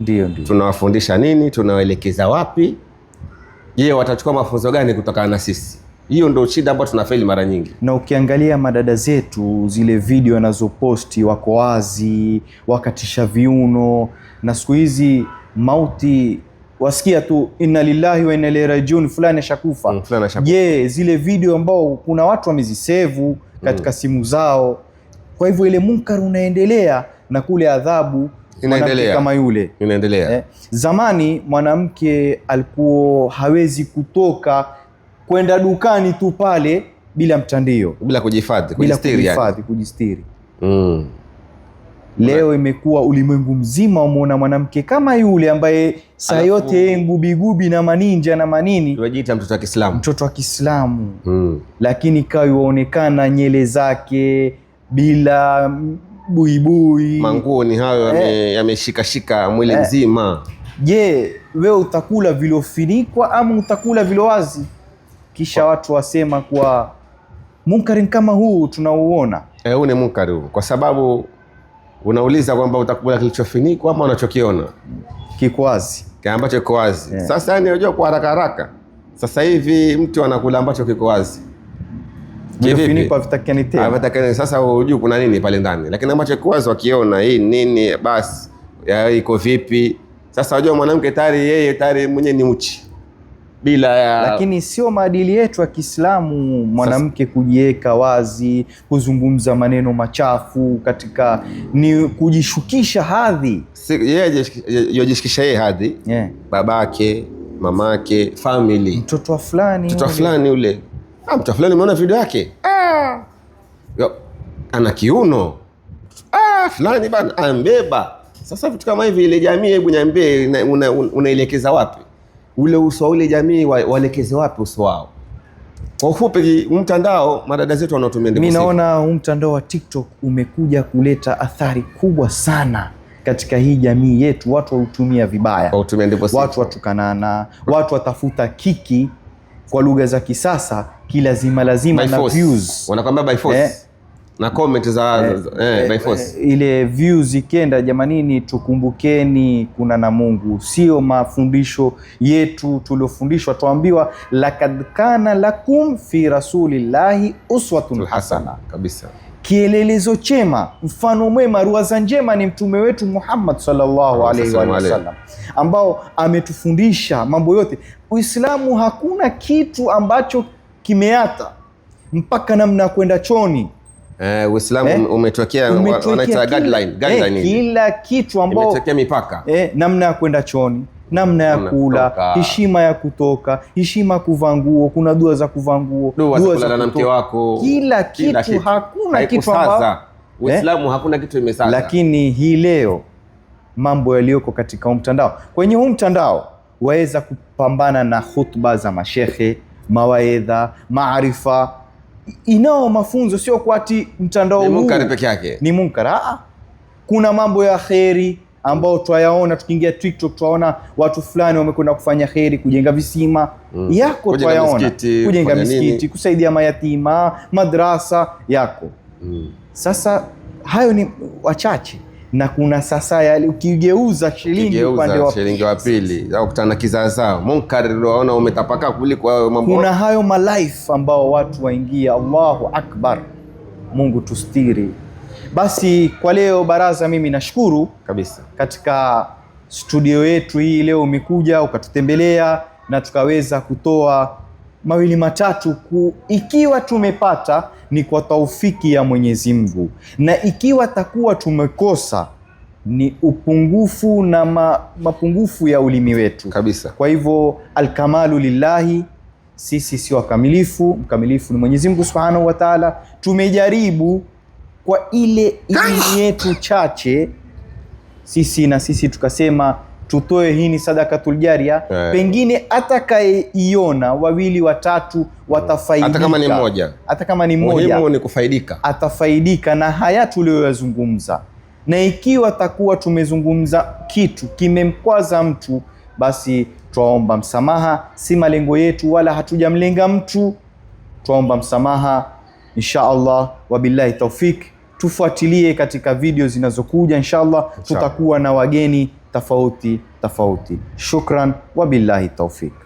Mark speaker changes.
Speaker 1: Ndio, ndio. Tunawafundisha nini? Tunawaelekeza wapi? Je, watachukua mafunzo gani kutokana na sisi? Hiyo ndio shida ambayo tunafeli mara nyingi.
Speaker 2: Na ukiangalia madada zetu zile video wanazoposti, wako wazi, wakatisha viuno, na siku hizi mauti wasikia tu inna lillahi wa inna ilaihi rajiun, mm, fulani ashakufa. Je, zile video ambao kuna watu wamezisevu katika mm. simu zao, kwa hivyo ile munkar unaendelea na kule adhabu inaendelea kama yule
Speaker 1: inaendelea. Eh,
Speaker 2: zamani mwanamke alikuwa hawezi kutoka kwenda dukani tu pale bila mtandio,
Speaker 1: bila kujihifadhi, kujistiri, yani. kujistiri. Mm.
Speaker 2: Leo imekuwa ulimwengu mzima umeona mwanamke kama yule ambaye saa yote yeye ngubigubi na maninja na manini,
Speaker 1: unajiita mtoto wa Kiislamu,
Speaker 2: mtoto wa Kiislamu mm. Lakini kawa iwaonekana nyele zake bila buibui,
Speaker 1: manguo ni hayo eh, yameshikashika mwili eh, mzima.
Speaker 2: Je, wewe utakula vilofinikwa ama utakula wazi? Kisha watu wasema kuwa munkari kama huu tunauona
Speaker 1: eh, huu ni munkari huu, kwa sababu unauliza kwamba utakula kilichofinikwa ama unachokiona
Speaker 2: kiko wazi,
Speaker 1: ambacho kiko wazi yeah. Sasa yani unajua kwa haraka haraka, sasa hivi mtu anakula ambacho kiko wazi
Speaker 2: vifuniko havitakani tena,
Speaker 1: havitakani ah, sasa. Hujui kuna nini pale ndani, lakini ambacho kwanza wakiona hii nini, basi iko vipi sasa. Wajua mwanamke tayari yeye tayari mwenyewe ni uchi bila ya...
Speaker 2: lakini sio maadili yetu ya Kiislamu mwanamke kujiweka wazi, kuzungumza maneno machafu katika ni kujishukisha hadhi,
Speaker 1: yajishikisha yeye hadhi yeah. Babake, mamake, family,
Speaker 2: mtoto wa fulani,
Speaker 1: mtoto wa fulani ule Ah, mtu fulani umeona video yake? Ah. Yo, ana kiuno. Ah, fulani bana ambeba. Sasa vitu kama hivi ile jamii, hebu niambie unaelekeza una, una wapi? Ule uso wa ule jamii waelekeze wapi uso wao? Kwa ufupi, mtandao madada zetu wanaotumia, mimi
Speaker 2: naona huu mtandao wa TikTok umekuja kuleta athari kubwa sana katika hii jamii yetu. Watu wautumia vibaya, watu watukanana, watu watafuta kiki kwa lugha za kisasa kilazima lazima na views
Speaker 1: wanakwambia by force eh, na comment za eh, eh, by eh, force
Speaker 2: eh, ile views ikenda, jamanini, tukumbukeni kuna na Mungu, sio mafundisho yetu tuliofundishwa. Tuambiwa lakad kana lakum fi rasulillahi uswatun
Speaker 1: hasana kabisa
Speaker 2: kielelezo chema, mfano mwema, ruwaza njema ni Mtume wetu Muhammad sallallahu alaihi wa sallam, ambao ametufundisha mambo yote. Uislamu hakuna kitu ambacho kimeata mpaka namna ya kwenda choni.
Speaker 1: Uh, Uislamu eh, umetokea wanaita guideline, guideline eh,
Speaker 2: kila kitu ambao
Speaker 1: imetokea mipaka
Speaker 2: eh, namna ya kwenda choni namna ya kula, heshima ya kutoka, heshima kuvaa nguo. Kuna dua za kuvaa nguo,
Speaker 1: dua za na mke wako,
Speaker 2: kila kitu, Hakuna kitu
Speaker 1: ambacho eh? Uislamu hakuna kitu imesaza.
Speaker 2: Lakini hii leo mambo yaliyoko katika huu mtandao, kwenye huu mtandao waweza kupambana na hutuba za mashehe, mawaedha, maarifa inao mafunzo, sio kwati mtandao huu ni peke yake, ni munkara. Kuna mambo ya kheri ambao twayaona tukiingia TikTok twaona watu fulani wamekwenda kufanya heri, kujenga visima mm. yako twayaona, kujenga misikiti, kusaidia mayatima, madrasa yako mm. Sasa hayo ni wachache, na kuna sasa ukigeuza shilingi upande wa shilingi wa pili
Speaker 1: au kutana kizaazao munkar, waona umetapaka kuliko hayo mambo.
Speaker 2: Kuna hayo malife ambao watu waingia. Allahu akbar, Mungu tustiri. Basi kwa leo baraza, mimi nashukuru kabisa katika studio yetu hii leo umekuja ukatutembelea na tukaweza kutoa mawili matatu ku, ikiwa tumepata ni kwa taufiki ya Mwenyezi Mungu, na ikiwa takuwa tumekosa ni upungufu na ma, mapungufu ya ulimi wetu kabisa. Kwa hivyo alkamalu lillahi, sisi sio wakamilifu, mkamilifu ni Mwenyezi Mungu Subhanahu wa Ta'ala. Tumejaribu kwa ile imani yetu chache sisi na sisi tukasema tutoe hii ni sadakatuljaria yeah. Pengine atakayeiona wawili watatu watafaidika,
Speaker 1: hata kama ni mmoja,
Speaker 2: hata kama ni mmoja,
Speaker 1: ni kufaidika,
Speaker 2: atafaidika na haya tuliyoyazungumza. Na ikiwa takuwa tumezungumza kitu kimemkwaza mtu, basi twaomba msamaha, si malengo yetu wala hatujamlenga mtu, twaomba msamaha insha Allah, wabillahi taufiki tufuatilie katika video zinazokuja inshallah, Tutakuwa na wageni tofauti tofauti. Shukran, wabillahi taufik.